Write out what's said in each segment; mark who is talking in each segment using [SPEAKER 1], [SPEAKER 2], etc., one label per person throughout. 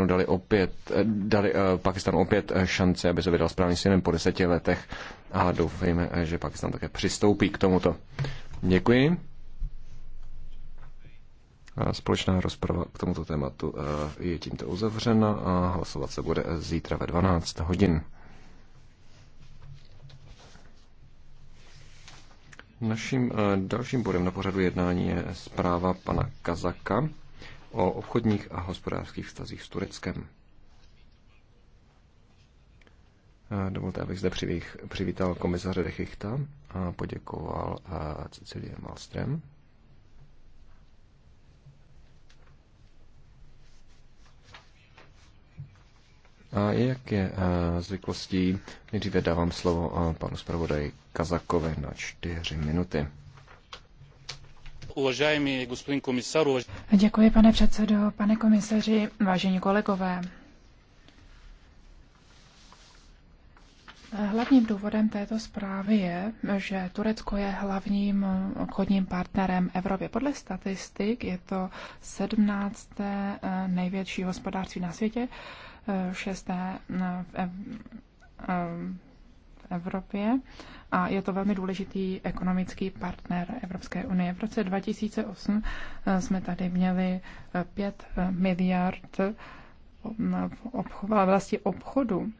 [SPEAKER 1] srpnu dali, opět, eh, dali eh, Pakistanu opět eh, šanci, aby se vydal správným směrem po deseti letech a doufejme, že Pakistan také přistoupí k tomuto. Děkuji. A společná rozprava k tomuto tématu je tímto uzavřena a hlasovat se bude zítra ve 12 hodin. Naším dalším bodem na pořadu jednání je zpráva pana Kazaka o obchodních a hospodářských vztazích s Tureckem. Dovolte, abych zde přivítal komisaře Dechichta a poděkoval Cecilie Malstrem. A jak je zvyklostí, nejdříve dávám slovo panu zpravodaji Kazakovi na čtyři minuty.
[SPEAKER 2] Děkuji, pane předsedo, pane komisaři, vážení kolegové. Hlavním důvodem této zprávy je, že Turecko je hlavním obchodním partnerem Evropy. Podle statistik je to 17. Eh, největší hospodářství na světě, eh, šesté eh, v Evropě a je to velmi důležitý ekonomický partner Evropské unie. V roce 2008 eh, jsme tady měli 5 eh, eh, miliard v oblasti obchodu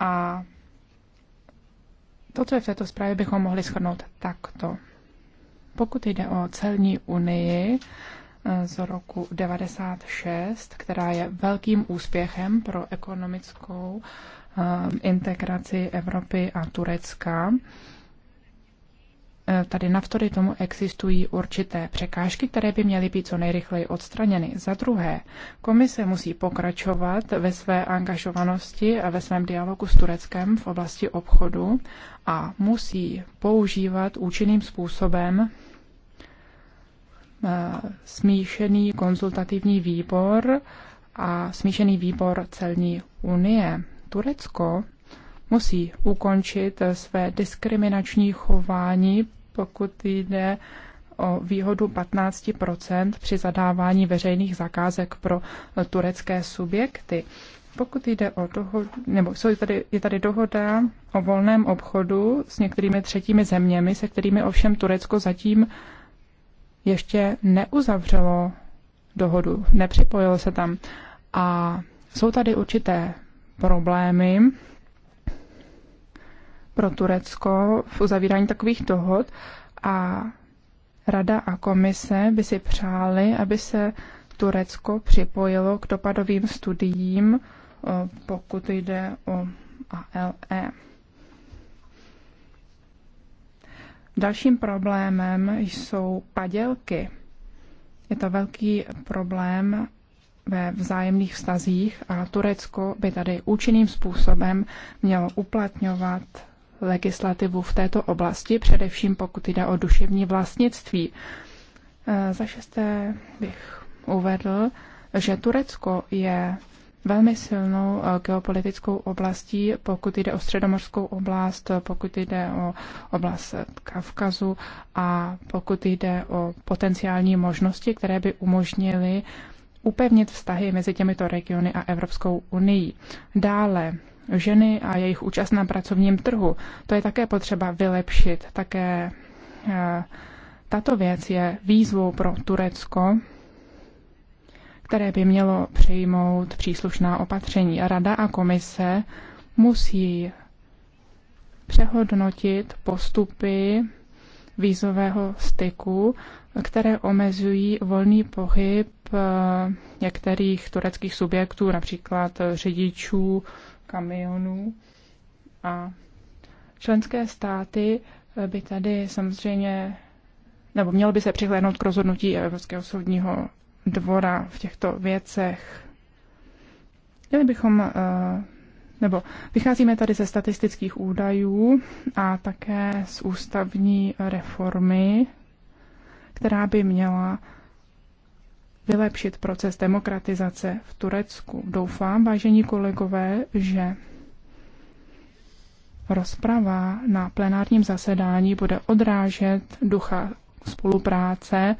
[SPEAKER 2] a to, co je v této zprávě, bychom mohli shodnout takto. Pokud jde o celní unii, z roku 96, která je velkým úspěchem pro ekonomickou eh, integraci Evropy a Turecka. Eh, tady navtory tomu existují určité překážky, které by měly být co nejrychleji odstraněny. Za druhé, komise musí pokračovat ve své angažovanosti a ve svém dialogu s Tureckem v oblasti obchodu a musí používat účinným způsobem Eh, smíšený konzultativní výbor a smíšený výbor celní unie. Turecko musí ukončit své diskriminační chování, pokud jde o výhodu 15 při zadávání veřejných zakázek pro turecké subjekty. Pokud jde o dohodu, nebo jsou tady, je tady dohoda o volném obchodu s některými třetími zeměmi, se kterými ovšem Turecko zatím ještě neuzavřelo dohodu, nepřipojilo se tam. A jsou tady určité problémy pro Turecko v uzavírání takových dohod a Rada a komise by si přáli, aby se Turecko připojilo k dopadovým studiím, pokud jde o ALE. Dalším problémem jsou padělky. Je to velký problém ve vzájemných vztazích a Turecko by tady účinným způsobem mělo uplatňovat legislativu v této oblasti, především pokud jde o duševní vlastnictví. E, za šesté bych uvedl, že Turecko je velmi silnou eh, geopolitickou oblastí, pokud jde o středomorskou oblast, pokud jde o oblast eh, Kavkazu a pokud jde o potenciální možnosti, které by umožnily upevnit vztahy mezi těmito regiony a Evropskou unii. Dále ženy a jejich účast na pracovním trhu. To je také potřeba vylepšit. Také eh, tato věc je výzvou pro Turecko, které by mělo přijmout příslušná opatření. Rada a komise musí přehodnotit postupy vízového styku, které omezují volný pohyb eh, některých tureckých subjektů, například řidičů, kamionů. A členské státy eh, by tady samozřejmě, nebo mělo by se přihlédnout k rozhodnutí Evropského soudního dvora v těchto věcech. Měli bychom, eh, nebo vycházíme tady ze statistických údajů a také z ústavní reformy, která by měla vylepšit proces demokratizace v Turecku. Doufám, vážení kolegové, že rozprava na plenárním zasedání bude odrážet ducha spolupráce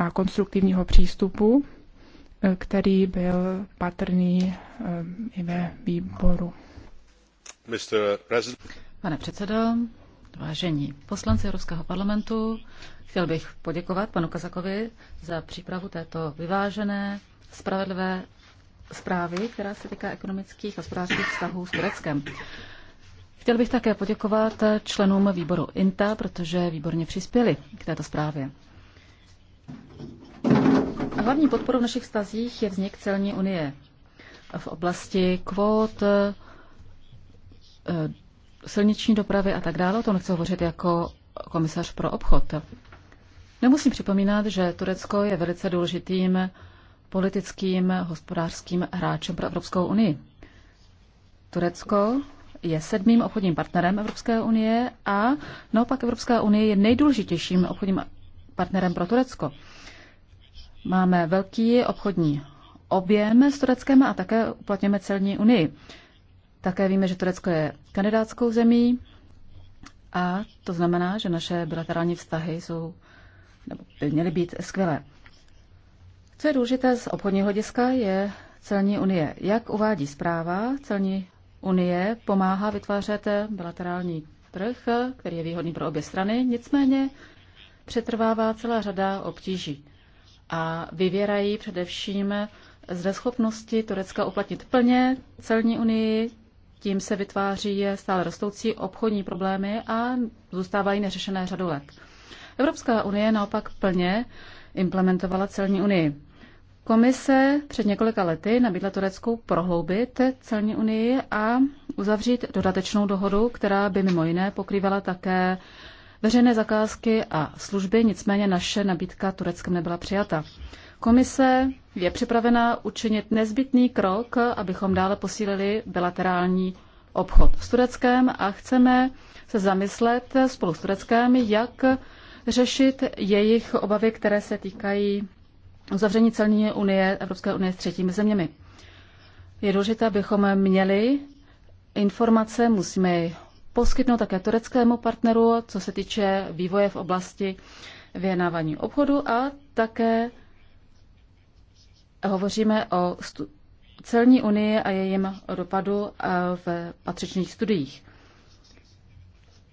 [SPEAKER 2] a konstruktivního přístupu, eh, který byl patrný eh, i ve výboru.
[SPEAKER 3] Pane předsedo, vážení poslanci Evropského parlamentu, chtěl bych poděkovat panu Kazakovi za přípravu této vyvážené, spravedlivé zprávy, která se týká ekonomických a hospodářských vztahů s Tureckem. Chtěl bych také poděkovat členům výboru INTA, protože výborně přispěli k této zprávě. Hlavní podporou v našich vztazích je vznik celní unie v oblasti kvót, eh, silniční dopravy a tak dále. O tom chci hovořit jako komisař pro obchod. Nemusím připomínat, že Turecko je velice důležitým politickým, hospodářským hráčem pro Evropskou unii. Turecko je sedmým obchodním partnerem Evropské unie a naopak Evropská unie je nejdůležitějším obchodním partnerem pro Turecko. Máme velký obchodní objem s Tureckem a také uplatňujeme celní unii. Také víme, že Turecko je kandidátskou zemí a to znamená, že naše bilaterální vztahy jsou, nebo by měly být skvělé. Co je důležité z obchodního hlediska, je celní unie. Jak uvádí zpráva, celní unie pomáhá vytvářet bilaterální trh, který je výhodný pro obě strany, nicméně přetrvává celá řada obtíží a vyvěrají především z neschopnosti Turecka uplatnit plně celní unii, tím se vytváří stále rostoucí obchodní problémy a zůstávají neřešené řadu let. Evropská unie naopak plně implementovala celní unii. Komise před několika lety nabídla Turecku prohloubit celní unii a uzavřít dodatečnou dohodu, která by mimo jiné pokrývala také veřejné zakázky a služby, nicméně naše nabídka Tureckem nebyla přijata. Komise je připravena učinit nezbytný krok, abychom dále posílili bilaterální obchod s Tureckem a chceme se zamyslet spolu s Tureckem, jak řešit jejich obavy, které se týkají uzavření celní unie Evropské unie s třetími zeměmi. Je důležité, abychom měli informace, musíme poskytnout také tureckému partneru, co se týče vývoje v oblasti vyjednávání obchodu a také hovoříme o celní unii a jejím dopadu eh, v patřičných studiích.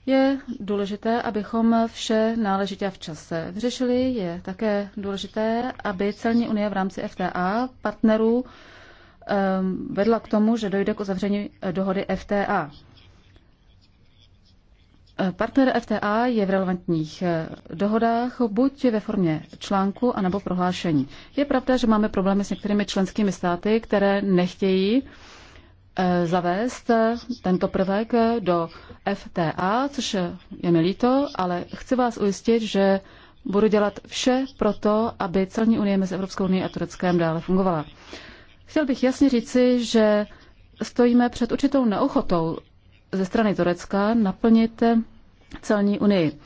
[SPEAKER 3] Je důležité, abychom vše náležitě a včas vyřešili. Je také důležité, aby celní unie v rámci FTA partnerů eh, vedla k tomu, že dojde k uzavření dohody FTA. Partner FTA je v relevantních eh, dohodách buď ve formě článku anebo prohlášení. Je pravda, že máme problémy s některými členskými státy, které nechtějí eh, zavést eh, tento prvek do FTA, což je mi líto, ale chci vás ujistit, že budu dělat vše pro to, aby celní unie mezi Evropskou unii a Tureckém dále fungovala. Chtěl bych jasně říci, že stojíme před určitou neochotou ze strany Turecka naplnit celní unii.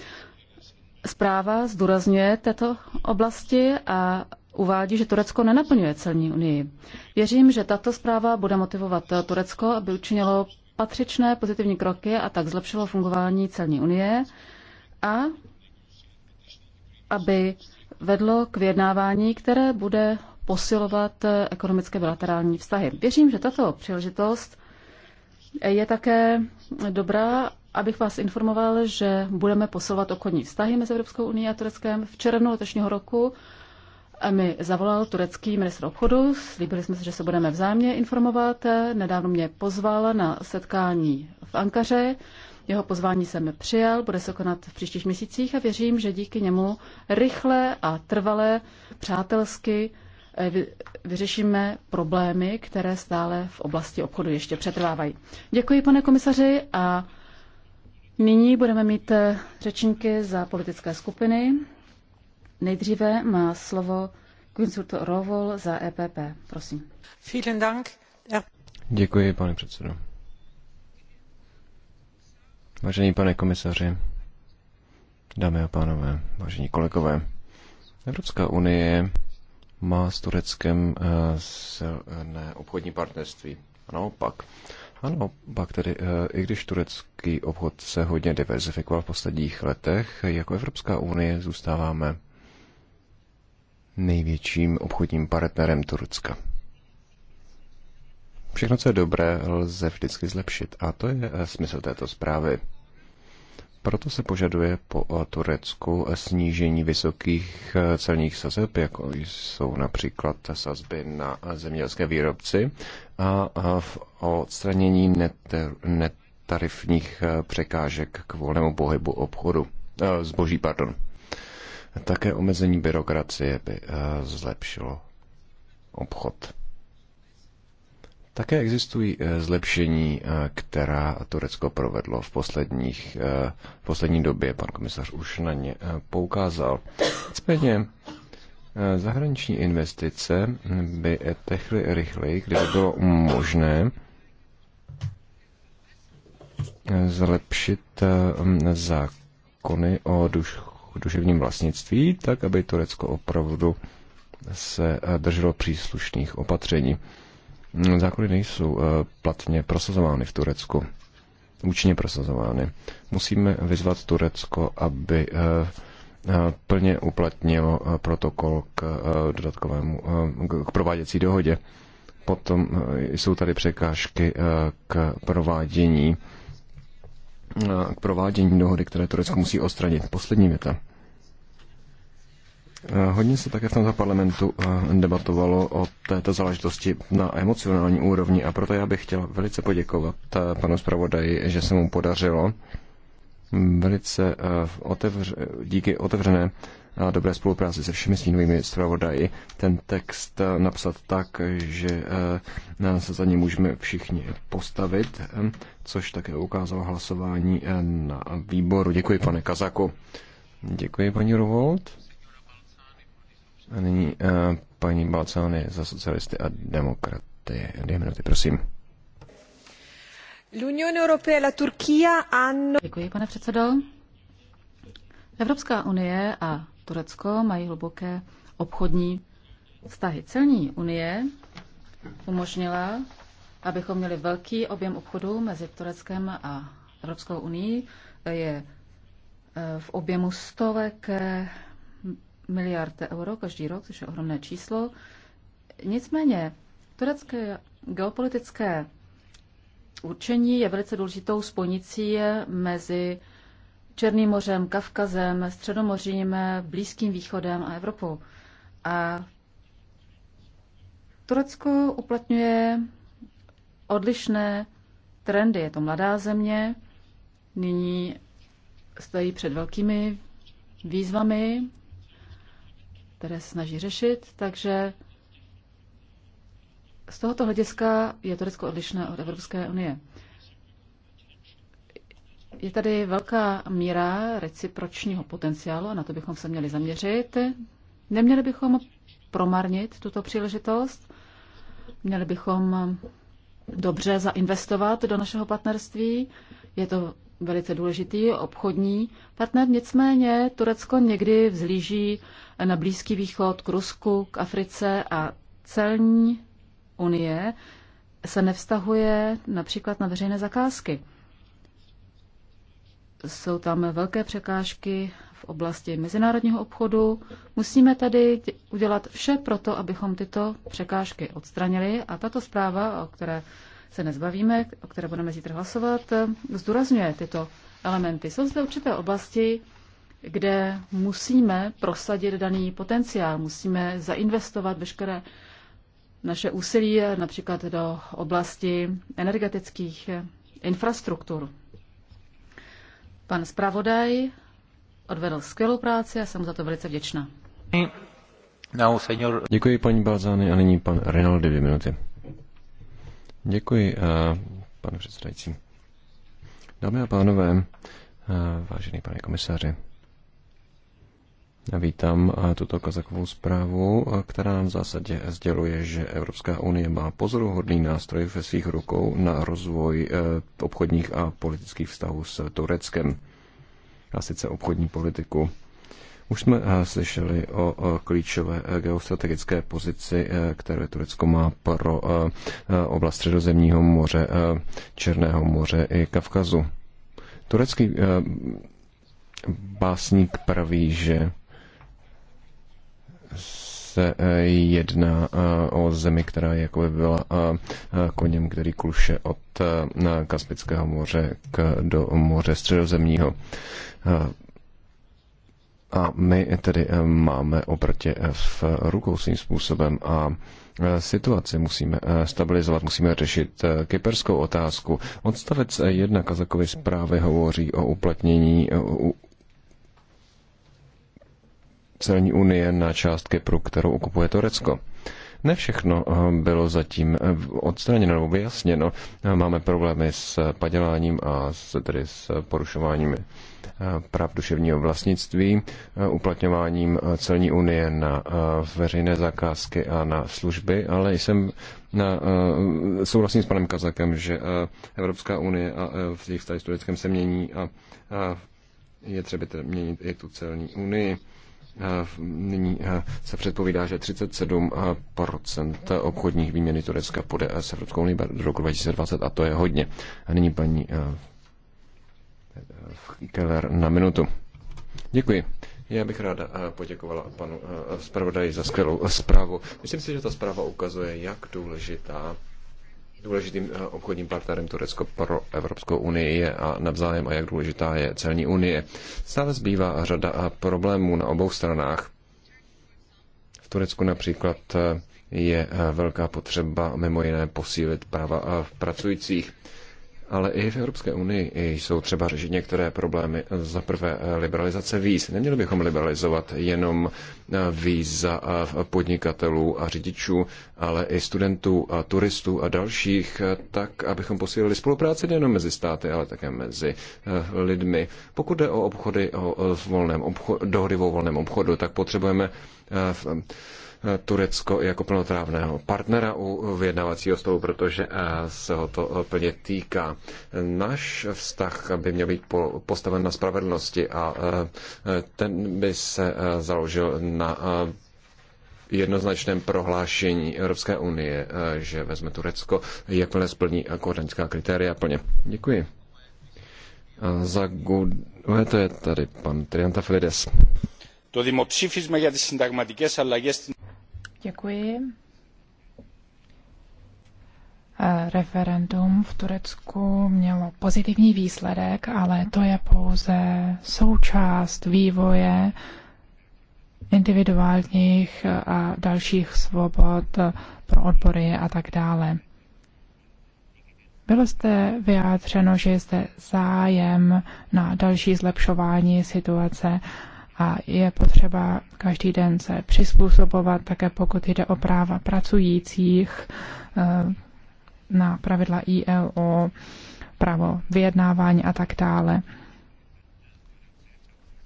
[SPEAKER 3] Zpráva zdůrazňuje této oblasti a uvádí, že Turecko nenaplňuje celní unii. Věřím, že tato zpráva bude motivovat Turecko, aby učinilo patřičné pozitivní kroky a tak zlepšilo fungování celní unie a aby vedlo k vyjednávání, které bude posilovat ekonomické bilaterální vztahy. Věřím, že tato příležitost je také dobrá, abych vás informoval, že budeme posilovat okolní vztahy mezi Evropskou unii a Tureckem. V červnu letošního roku mi zavolal turecký ministr obchodu, slíbili jsme se, že se budeme vzájemně informovat. Nedávno mě pozval na setkání v Ankaře. Jeho pozvání jsem přijal, bude se konat v příštích měsících a věřím, že díky němu rychle a trvale, přátelsky Eh, vyřešíme problémy, které stále v oblasti obchodu ještě přetrvávají. Děkuji, pane komisaři, a nyní budeme mít eh, řečníky za politické skupiny. Nejdříve má slovo Quinsurto Rovol za EPP. Prosím.
[SPEAKER 2] Vielen Dank. Er-
[SPEAKER 1] Děkuji, pane předsedo. Vážený pane komisaři, dámy a pánové, vážení kolegové, Evropská unie má s Tureckem eh, silné obchodní partnerství. A naopak. A naopak tedy, eh, i když turecký obchod se hodně diverzifikoval v posledních letech, jako Evropská unie zůstáváme největším obchodním partnerem Turecka. Všechno, co je dobré, lze vždycky zlepšit a to je eh, smysl této zprávy. Proto se požaduje po eh, Turecku snížení vysokých eh, celních sazeb, jako jsou například sazby na eh, zemědělské výrobci a v odstranění netarifních překážek k volnému pohybu obchodu zboží. Pardon. Také omezení byrokracie by zlepšilo obchod. Také existují eh, zlepšení, eh, která Turecko provedlo v, posledních, eh, v poslední době. Pan komisař už na ně poukázal. Nicméně zahraniční investice hm, by tehly rychleji, kdyby bylo možné zlepšit hm, zákony o duš, duševním vlastnictví, tak aby Turecko opravdu se drželo příslušných opatření. Zákony nejsou eh, platně prosazovány v Turecku, účinně prosazovány. Musíme vyzvat Turecko, aby eh, eh, plně uplatnilo protokol k dodatkovému, k prováděcí dohodě. Potom jsou tady překážky k provádění k provádění dohody, které Turecko musí odstranit. Poslední věta. Eh, hodně se také v tomto parlamentu eh, debatovalo o této záležitosti na emocionální úrovni a proto já bych chtěl velice poděkovat eh, panu zpravodaji, že se mu podařilo velice otevř, díky otevřené a dobré spolupráci se všemi stínovými zpravodaji ten text napsat tak, že se za ně můžeme všichni postavit, což také ukázalo hlasování na výboru. Děkuji, pane Kazaku. Děkuji, paní Rovold. A nyní uh, paní Balcony za socialisty a demokraty. Dvě minuty, prosím.
[SPEAKER 2] E
[SPEAKER 3] Děkuji, pane předsedo. Evropská unie a Turecko mají hluboké obchodní vztahy. Celní unie umožnila, abychom měli velký objem obchodu mezi Tureckem a Evropskou unii. Je eh, v objemu stovek eh, miliard euro každý rok, což je ohromné číslo. Nicméně turecké geopolitické určení je velice důležitou spojnicí mezi Černým mořem, Kavkazem, Středomořím, Blízkým východem a Evropou. A Turecko uplatňuje odlišné trendy. Je to mladá země, nyní stojí před velkými výzvami, které se snaží řešit, takže z tohoto hlediska je Turecko odlišné od Evropské unie. Je tady velká míra recipročního potenciálu a na to bychom se měli zaměřit. Neměli bychom promarnit tuto příležitost, měli bychom dobře zainvestovat do našeho partnerství. Je to velice důležitý obchodní partner, nicméně Turecko někdy vzlíží na Blízký východ, k Rusku, k Africe a celní unie se nevztahuje například na veřejné zakázky. Jsou tam velké překážky v oblasti mezinárodního obchodu. Musíme tady udělat vše pro to, abychom tyto překážky odstranili a tato zpráva, o které se nezbavíme, o které budeme zítra hlasovat, zdůrazňuje tyto elementy. Jsou zde určité oblasti, kde musíme prosadit daný potenciál, musíme zainvestovat veškeré naše úsilí například do oblasti energetických infrastruktur. Pan zpravodaj odvedl skvělou práci a jsem za to velice vděčná.
[SPEAKER 1] Děkuji paní Balzány a nyní pan Rinaldi dvě minuty. Děkuji, eh, pane předsedající. Dámy a pánové, eh, vážený pane komisaři, vítám eh, tuto kazakovou zprávu, která nám v zásadě sděluje, že Evropská unie má pozoruhodný nástroj ve svých rukou na rozvoj obchodních a politických vztahů s Tureckem, a sice obchodní politiku. Už jsme eh, slyšeli o klíčové eh, geostrategické pozici, eh, které Turecko má pro oblast Středozemního moře, Černého moře i Kavkazu. Turecký básník praví, že se jedná o zemi, která jako by byla koněm, který kluše od Kaspického moře k, do moře Středozemního. A my tedy eh, máme obrtě eh, v rukou svým způsobem a eh, situaci musíme stabilizovat, musíme řešit kyperskou otázku. Odstavec 1 Kazakovy zprávy hovoří o uplatnění celní unie na část Kypru, kterou okupuje Turecko. Ne všechno bylo zatím odstraněno nebo vyjasněno. Máme problémy s paděláním a s, tedy s porušováním Eh, práv duševního vlastnictví, eh, uplatňováním eh, celní unie na veřejné zakázky a na služby, ale jsem na, souhlasím s panem Kazakem, že Evropská unie a v těch vztazích s Tureckem se mění a, a je třeba měnit i tu celní unii. Nyní se předpovídá, že 37% obchodních výměny Turecka půjde s Evropskou unii do roku 2020 a to je hodně. A nyní paní Eh, Keller na minutu. Děkuji. Já bych ráda eh, poděkovala panu eh, zpravodaji za skvělou zprávu. Myslím si, že ta zpráva ukazuje, jak důležitá důležitým obchodním partnerem Turecko pro Evropskou unii je a navzájem a jak důležitá je celní unie. Stále zbývá řada problémů na obou stranách. V Turecku například je velká potřeba mimo jiné posílit práva pracujících ale i v Evropské unii jsou třeba řešit některé problémy. Za prvé eh, liberalizace víz. Neměli bychom liberalizovat jenom eh, víza eh, podnikatelů a řidičů, ale i studentů a turistů a dalších, tak, abychom posílili spolupráci nejenom mezi státy, ale také mezi lidmi. Pokud jde o obchody o volném obchodu, dohody o volném obchodu, tak potřebujeme Turecko jako plnotrávného partnera u vyjednávacího stolu, protože eh, se ho to eh, plně týká. Náš vztah by měl být postaven na spravedlnosti a eh, ten by se založil na jednoznačném prohlášení Evropské unie, že vezme Turecko, jakmile splní kodaňská kritéria plně. Děkuji. A za Γκουέ, e to je tady pan Τριανταφυλλίδης. To δημοψήφισμα για τις συνταγματικές ale στην
[SPEAKER 2] Děkuji. Eh, referendum v Turecku mělo pozitivní výsledek, ale to je pouze součást vývoje individuálních eh, a dalších svobod eh, pro odbory a tak dále. Bylo jste vyjádřeno, že jste zájem na další zlepšování situace a je potřeba každý den se přizpůsobovat, také pokud jde o práva pracujících eh, na pravidla ILO, e právo vyjednávání a tak dále.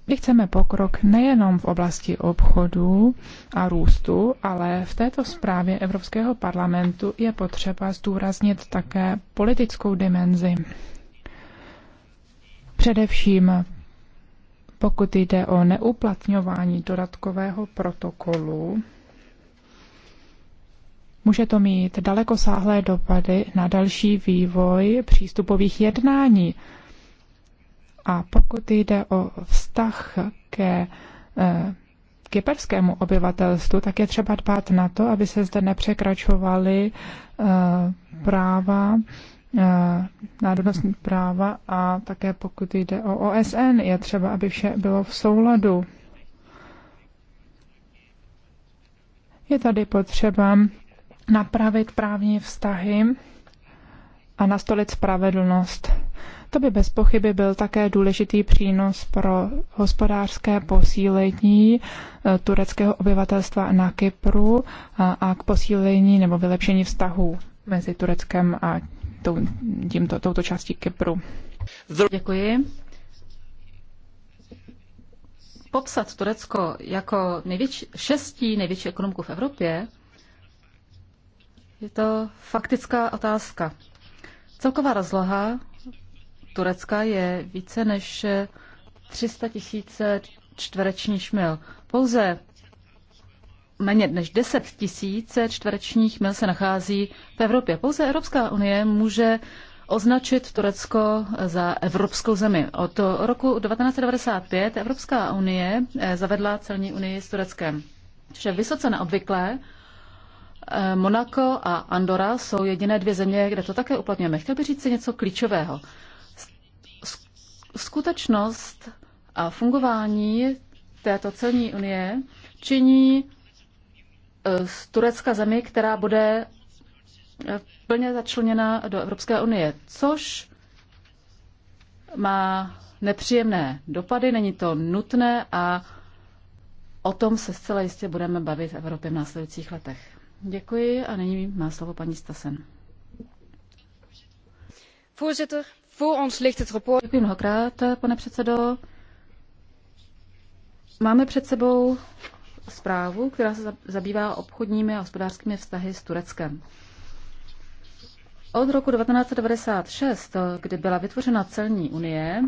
[SPEAKER 2] My chceme pokrok nejenom v oblasti obchodu a růstu, ale v této zprávě Evropského parlamentu je potřeba zdůraznit také politickou dimenzi. Především pokud jde o neuplatňování dodatkového protokolu, může to mít dalekosáhlé dopady na další vývoj přístupových jednání. A pokud jde o vztah ke eh, kyperskému obyvatelstvu, tak je třeba dbát na to, aby se zde nepřekračovaly eh, práva Eh, národnostní práva a také pokud jde o OSN, je třeba, aby vše bylo v souladu. Je tady potřeba napravit právní vztahy a nastolit spravedlnost. To by bez pochyby byl také důležitý přínos pro hospodářské posílení eh, tureckého obyvatelstva na Kypru eh, a k posílení nebo vylepšení vztahů mezi Tureckem a tímto, touto částí Kypru. Děkuji.
[SPEAKER 3] Popsat Turecko jako největší, šestí největší ekonomiku v Evropě je to faktická otázka. Celková rozloha Turecka je více než 300 tisíc čtverečních mil. Pouze méně než 10 tisíc čtverečních mil se nachází v Evropě. Pouze Evropská unie může označit Turecko za evropskou zemi. Od roku 1995 Evropská unie eh, zavedla celní unii s Tureckem. Což je vysoce neobvyklé. Eh, Monako a Andora jsou jediné dvě země, kde to také uplatňujeme. Chtěl bych říct si něco klíčového. Skutečnost a fungování této celní unie činí z Turecka zemi, která bude plně začleněna do Evropské unie, což má nepříjemné dopady, není to nutné a o tom se zcela jistě budeme bavit v Evropě v následujících letech. Děkuji a nyní má slovo paní Stasen. Děkuji mnohokrát, pane předsedo. Máme před sebou zprávu, která se zabývá obchodními a hospodářskými vztahy s Tureckem. Od roku 1996, kdy byla vytvořena celní unie,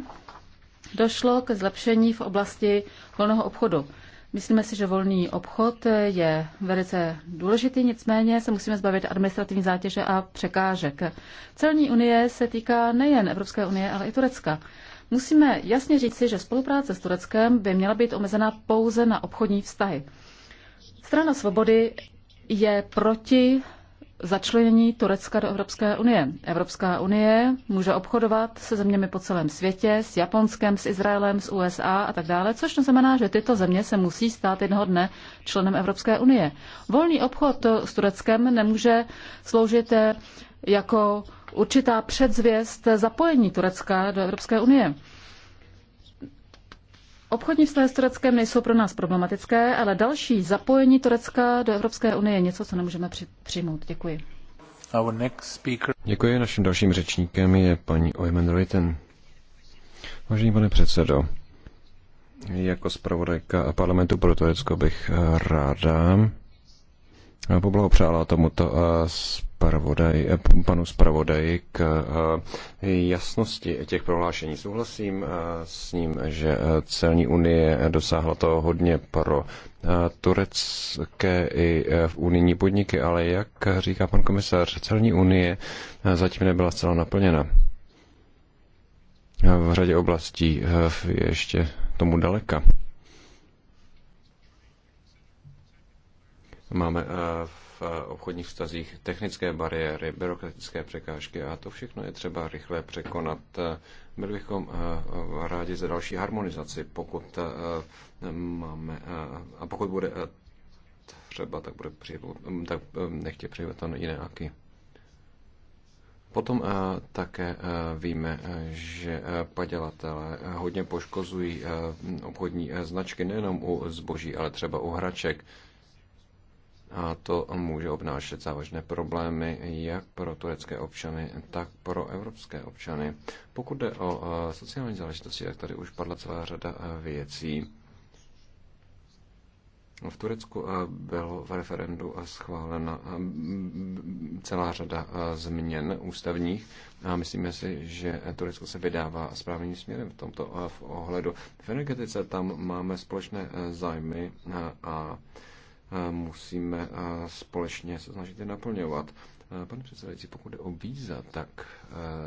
[SPEAKER 3] došlo k zlepšení v oblasti volného obchodu. Myslíme si, že volný obchod je velice důležitý, nicméně se musíme zbavit administrativní zátěže a překážek. Celní unie se týká nejen Evropské unie, ale i Turecka. Musíme jasně říci, že spolupráce s Tureckem by měla být omezena pouze na obchodní vztahy. Strana svobody je proti začlenění Turecka do Evropské unie. Evropská unie může obchodovat se zeměmi po celém světě, s Japonskem, s Izraelem, s USA a tak dále, což znamená, že tyto země se musí stát jednoho dne členem Evropské unie. Volný obchod s Tureckem nemůže sloužit eh, jako určitá předzvěst zapojení Turecka do Evropské unie. Obchodní vztahy s Tureckem nejsou pro nás problematické, ale další zapojení Turecka do Evropské unie je něco, co nemůžeme při- přijmout. Děkuji.
[SPEAKER 1] Our next speaker. Děkuji. Naším dalším řečníkem je paní Oymen Reuten. Vážený pane předsedo, jako zpravodajka parlamentu pro Turecko bych eh, ráda eh, poblahopřála tomuto eh, zpravodaj, eh, panu zpravodaji k eh, jasnosti těch prohlášení. Souhlasím eh, s ním, že celní unie dosáhla toho hodně pro turecké i v unijní podniky, ale jak říká pan komisař, celní unie zatím nebyla zcela naplněna. V řadě oblastí je ještě tomu daleka. Máme v Eh, obchodních vztazích, technické bariéry, byrokratické překážky a to všechno je třeba rychle překonat. Eh, byli bychom eh, rádi za další harmonizaci, pokud máme, a pokud bude třeba, tak bude přijít, mm, tak nechtě přijmout jiné aky. Potom také víme, že padělatelé hodně poškozují obchodní značky nejenom u zboží, ale třeba u hraček a to může obnášet závažné problémy jak pro turecké občany, tak pro evropské občany. Pokud jde o eh, sociální záležitosti, jak tady už padla celá řada eh, věcí. V Turecku eh, bylo v referendu schválena celá řada změn ústavních a myslíme si, že Turecko se vydává správným směrem v tomto ohledu. V energetice tam máme společné zájmy a musíme společně se snažit je naplňovat. Pane předsedající, pokud je o víza, tak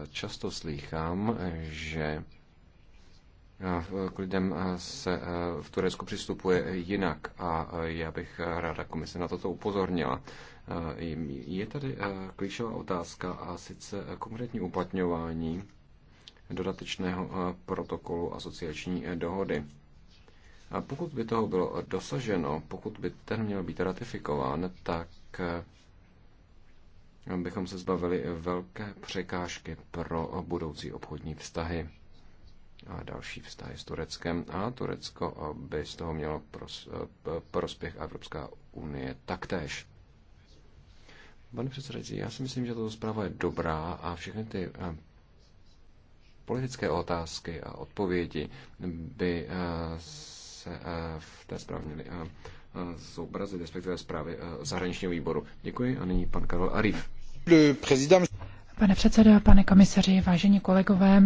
[SPEAKER 1] často slýchám, že k lidem se v Turecku přistupuje jinak a já bych ráda komise na toto upozornila. Je tady klíčová otázka a sice konkrétní uplatňování dodatečného protokolu asociační dohody. A pokud by toho bylo dosaženo, pokud by ten měl být ratifikován, tak eh, bychom se zbavili velké překážky pro budoucí obchodní vztahy a další vztahy s Tureckem. A Turecko eh, by z toho mělo eh, prospěch Evropská unie taktéž. Pane předsedající, já si myslím, že tato zpráva je dobrá a všechny ty politické otázky a odpovědi by se eh, v té správně eh, eh, zobrazit, respektive zprávy zahraničního výboru. Děkuji a nyní pan Karol Arif.
[SPEAKER 2] Pane předsedo, pane komisaři, vážení kolegové,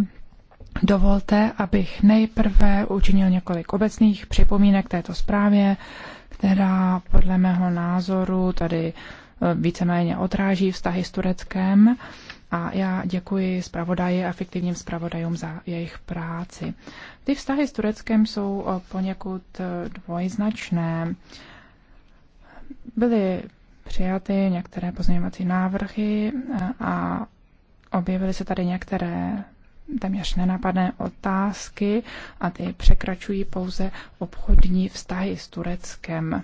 [SPEAKER 2] dovolte, abych nejprve učinil několik obecných připomínek této zprávě, která podle mého názoru tady víceméně odráží vztahy s Tureckem. A já děkuji zpravodaji a fiktivním zpravodajům za jejich práci. Ty vztahy s Tureckem jsou eh, poněkud eh, dvojznačné. Byly přijaty některé pozměňovací návrhy eh, a objevily se tady některé téměř nenapadné otázky a ty překračují pouze obchodní vztahy s Tureckem.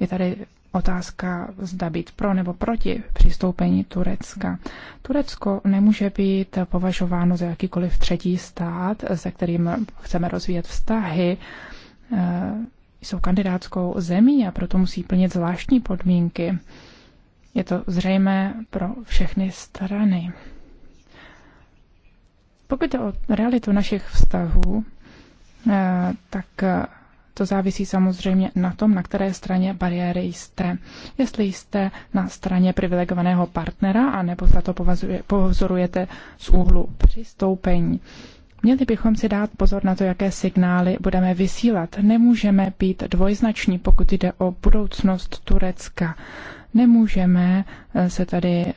[SPEAKER 2] Je tady otázka, zda být pro nebo proti přistoupení Turecka. Turecko nemůže být považováno za jakýkoliv třetí stát, se kterým chceme rozvíjet vztahy. Eh, jsou kandidátskou zemí a proto musí plnit zvláštní podmínky. Je to zřejmé pro všechny strany. Pokud jde o realitu našich vztahů, eh, tak to závisí samozřejmě na tom, na které straně bariéry jste. Jestli jste na straně privilegovaného partnera, anebo za to povzorujete z úhlu přistoupení. Měli bychom si dát pozor na to, jaké signály budeme vysílat. Nemůžeme být dvojznační, pokud jde o budoucnost Turecka. Nemůžeme eh, se tady eh,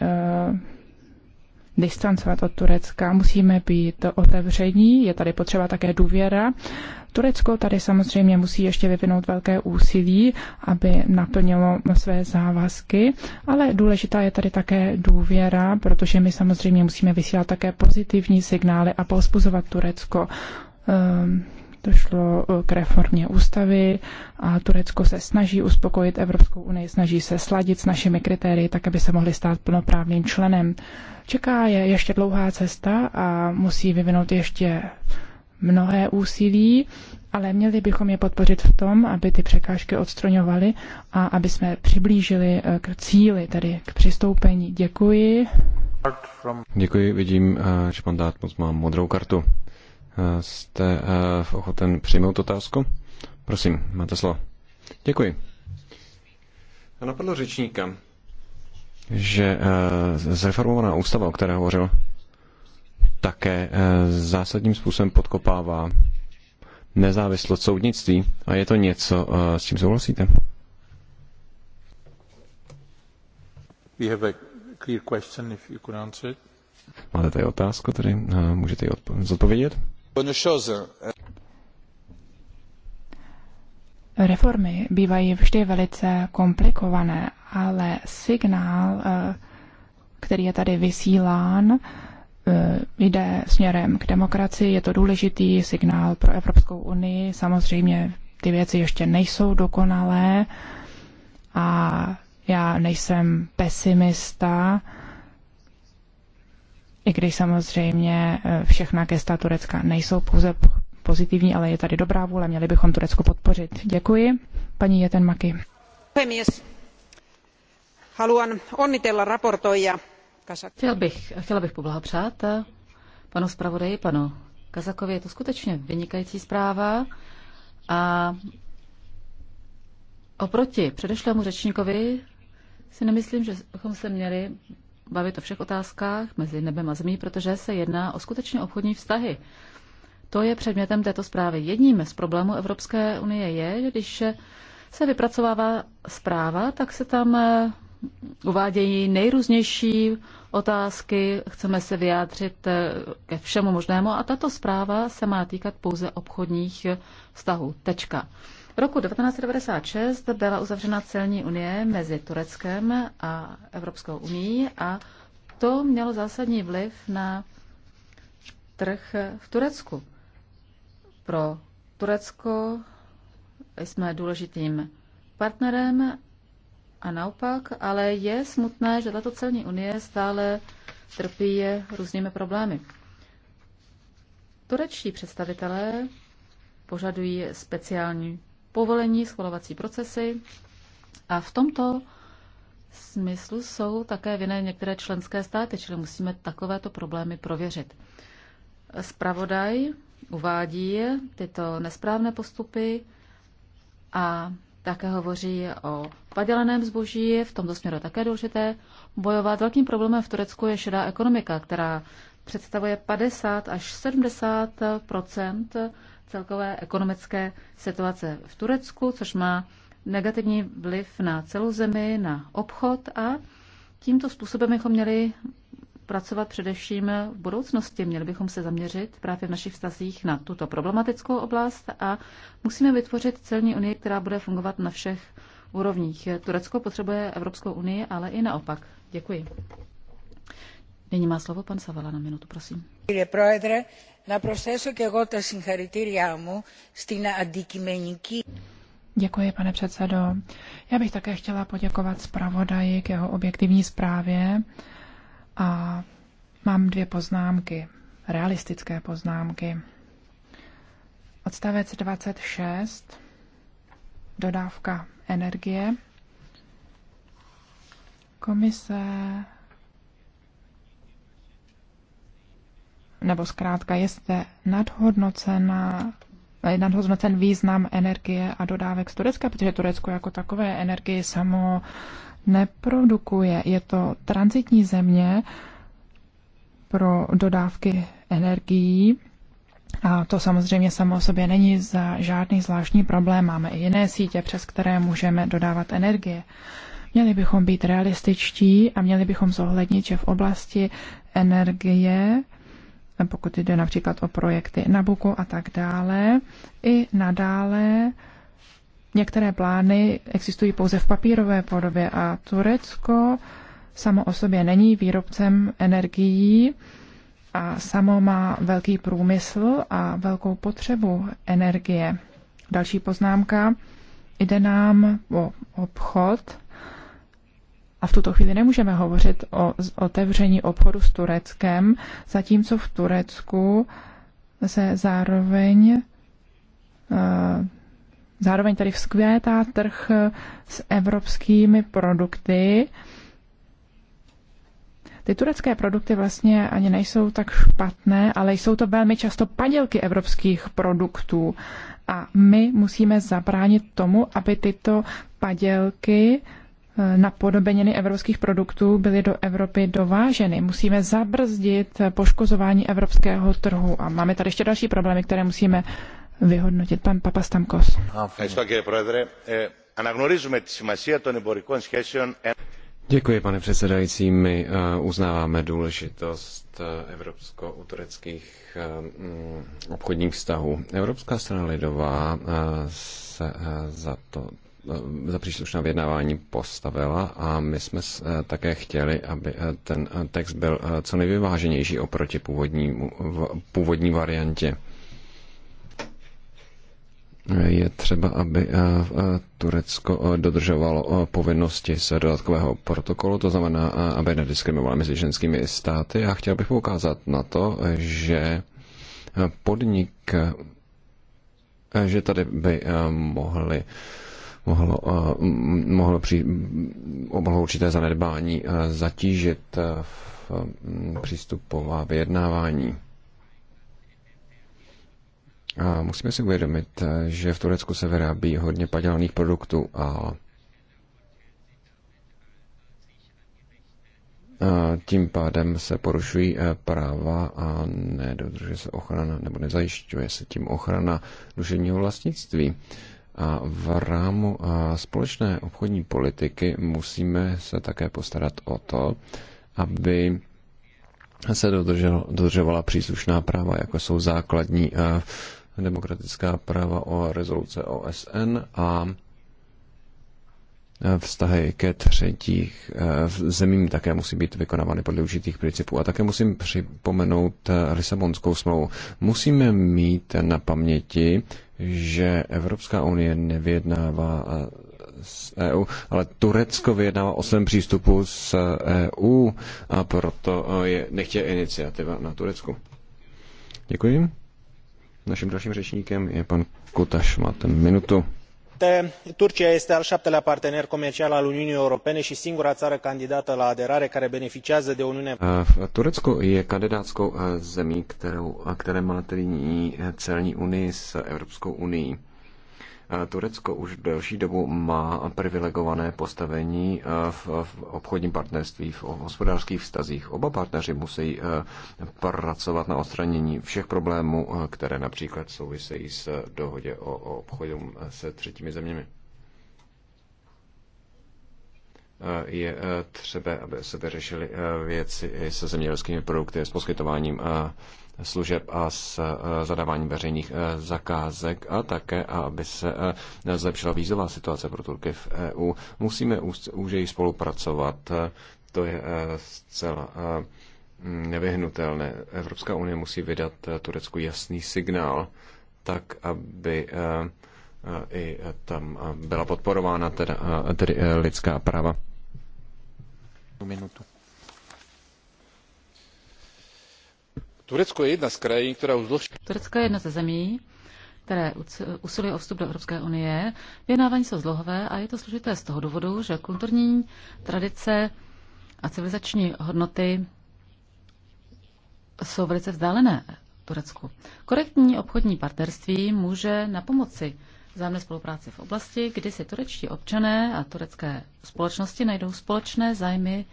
[SPEAKER 2] distancovat od Turecka. Musíme být otevření, je tady potřeba také důvěra Turecko tady samozřejmě musí ještě vyvinout velké úsilí, aby naplnilo své závazky, ale důležitá je tady také důvěra, protože my samozřejmě musíme vysílat také pozitivní signály a pozbuzovat Turecko. Ehm, došlo eh, k reformě ústavy a Turecko se snaží uspokojit Evropskou unii, snaží se sladit s našimi kritérii, tak aby se mohli stát plnoprávným členem. Čeká je ještě dlouhá cesta a musí vyvinout ještě mnohé úsilí, ale měli bychom je podpořit v tom, aby ty překážky odstroňovaly a aby jsme přiblížili eh, k cíli, tedy k přistoupení. Děkuji.
[SPEAKER 1] Děkuji, vidím, eh, že pan Dátmos má modrou kartu. Eh, jste ochoten přijmout otázku? Prosím, máte slovo. Děkuji. A napadlo řečníka, že zreformovaná ústava, o které hovořil, také eh, zásadním způsobem podkopává nezávislost soudnictví a je to něco, eh, s čím souhlasíte? We have a clear question, if you could answer it. Máte tady otázku, tady eh, můžete ji zodpovědět?
[SPEAKER 2] Reformy bývají vždy velice komplikované, ale signál, který je tady vysílán, Eh, jde směrem k demokracii, je to důležitý signál pro Evropskou unii. Samozřejmě ty věci ještě nejsou dokonalé a já nejsem pesimista, i když samozřejmě eh, všechna gesta Turecka nejsou pouze pozitivní, ale je tady dobrá vůle, měli bychom Turecko podpořit. Děkuji. Paní Jeten Maki. Puhemies. Haluan onnitella raportoijaa
[SPEAKER 3] Chtěl bych, chtěla bych poblahopřát eh, panu zpravodaji, panu Kazakovi. Je to skutečně vynikající zpráva a oproti předešlému řečníkovi si nemyslím, že bychom se měli bavit o všech otázkách mezi nebem a zemí, protože se jedná o skutečně obchodní vztahy. To je předmětem této zprávy. Jedním z problémů Evropské unie je, že když se vypracovává zpráva, tak se tam eh, uvádějí nejrůznější otázky, chceme se vyjádřit eh, ke všemu možnému a tato zpráva se má týkat pouze obchodních vztahů. Tečka. V roku 1996 byla uzavřena celní unie mezi Tureckem a Evropskou unii a to mělo zásadní vliv na trh v Turecku. Pro Turecko jsme důležitým partnerem a naopak, ale je smutné, že tato celní unie stále trpí různými problémy. Turečtí představitelé požadují speciální povolení, schvalovací procesy a v tomto smyslu jsou také vinné některé členské státy, čili musíme takovéto problémy prověřit. Spravodaj uvádí tyto nesprávné postupy a také hovoří o padělaném zboží, v tomto směru také důležité bojovat. Velkým problémem v Turecku je šedá ekonomika, která představuje 50 až 70 celkové ekonomické situace v Turecku, což má negativní vliv na celou zemi, na obchod a tímto způsobem bychom měli pracovat především v budoucnosti. Měli bychom se zaměřit právě v našich vztazích na tuto problematickou oblast a musíme vytvořit celní unii, která bude fungovat na všech úrovních. Turecko potřebuje Evropskou unii, ale i naopak. Děkuji. Nyní má slovo pan Savala na minutu, prosím.
[SPEAKER 2] Pane proedre, na procesu
[SPEAKER 3] ke gota syncharitiria mu stina adikimeníky.
[SPEAKER 2] Děkuji, pane předsedo. Já bych také chtěla poděkovat zpravodaji k jeho objektivní zprávě a mám dvě poznámky, realistické poznámky. Odstavec 26, dodávka energie. Komise nebo zkrátka jestli zde nadhodnocena nadhodnocen význam energie a dodávek z Turecka, protože Turecko jako takové energie samo neprodukuje. Je to transitní země pro dodávky energií. A to samozřejmě samo o sobě není za žádný zvláštní problém. Máme i jiné sítě, přes které můžeme dodávat energie. Měli bychom být realističtí a měli bychom zohlednit, že v oblasti energie, pokud jde například o projekty Nabuko a tak dále, i nadále Některé plány existují pouze v papírové podobě a Turecko samo o sobě není výrobcem energií a samo má velký průmysl a velkou potřebu energie. Další poznámka. Jde nám o obchod a v tuto chvíli nemůžeme hovořit o otevření obchodu s Tureckem, zatímco v Turecku se zároveň uh, Zároveň tady vzkvětá trh s evropskými produkty. Ty turecké produkty vlastně ani nejsou tak špatné, ale jsou to velmi často padělky evropských produktů. A my musíme zabránit tomu, aby tyto padělky eh, napodobeniny evropských produktů byly do Evropy dováženy. Musíme zabrzdit poškozování evropského trhu a máme tady ještě další problémy, které musíme vyhodnotit. Pan Papastamkos.
[SPEAKER 1] Eh, Děkuji, pane předsedající. My eh, uznáváme důležitost eh, evropsko-tureckých mm, obchodních vztahů. Evropská strana lidová se za to za příslušná vyjednávání postavila a my jsme také chtěli, aby ten text byl co nejvyváženější oproti původnímu, původní variantě je třeba, aby eh, eh, Turecko eh, dodržovalo povinnosti z dodatkového protokolu, to znamená, aby nediskriminovalo mezi ženskými státy. A chtěl bych poukázat na to, že podnik, že tady by mohli mohlo, mohlo, při, mohlo určité zanedbání zatížit v přístupová vyjednávání. A musíme si uvědomit, že v Turecku se vyrábí hodně padělaných produktů a A tím pádem se porušují eh, práva a nedodržuje se ochrana nebo nezajišťuje se tím ochrana duševního vlastnictví. A v rámu eh, společné obchodní politiky musíme se také postarat o to, aby se dodržovala příslušná práva, jako jsou základní eh, demokratická práva o rezoluce OSN a vztahy ke třetích eh, zemím také musí být vykonávány podle určitých principů. A také musím připomenout eh, Lisabonskou smlouvu. Musíme mít na paměti, že Evropská unie nevyjednává eh, s EU, ale Turecko vyjednává o svém přístupu s EU e a proto je, nechtě iniciativa na Turecku. Děkuji. Naším dalším řečníkem je pan Kutaš, máte minutu. Turcia este al șaptelea partener comercial al Uniunii Europene și singura țară candidată la aderare care beneficiază de Uniunea Turecko je kandidátskou zemí, kterou, které má tedy celní unii s Evropskou unii. Turecko už delší dobu má privilegované postavení eh, v obchodním partnerství, v hospodářských vztazích. Oba partneři musí eh, pracovat na odstranění všech problémů, eh, které například souvisejí s dohodě o obchodu se třetími zeměmi. Je třeba, aby se vyřešily věci se zemědělskými produkty, s poskytováním služeb a s eh, zadáváním veřejných eh, zakázek a také, aby se eh, zlepšila vízová situace pro Turky v EU. Musíme úžeji spolupracovat, to je zcela nevyhnutelné. Evropská unie musí vydat Turecku jasný signál, tak aby i tam byla podporována teda, tedy lidská práva. Minutu. Turecko je jedna z krajín, která už dlouho... Turecko
[SPEAKER 3] je jedna ze zemí, které usiluje o vstup do Evropské unie. Vyjednávání jsou zlohové a je to složité z toho důvodu, že kulturní tradice a civilizační hodnoty jsou velice vzdálené Turecku. Korektní obchodní partnerství může na pomoci vzájemné spolupráci v oblasti, kdy si turečtí občané a turecké společnosti najdou společné zájmy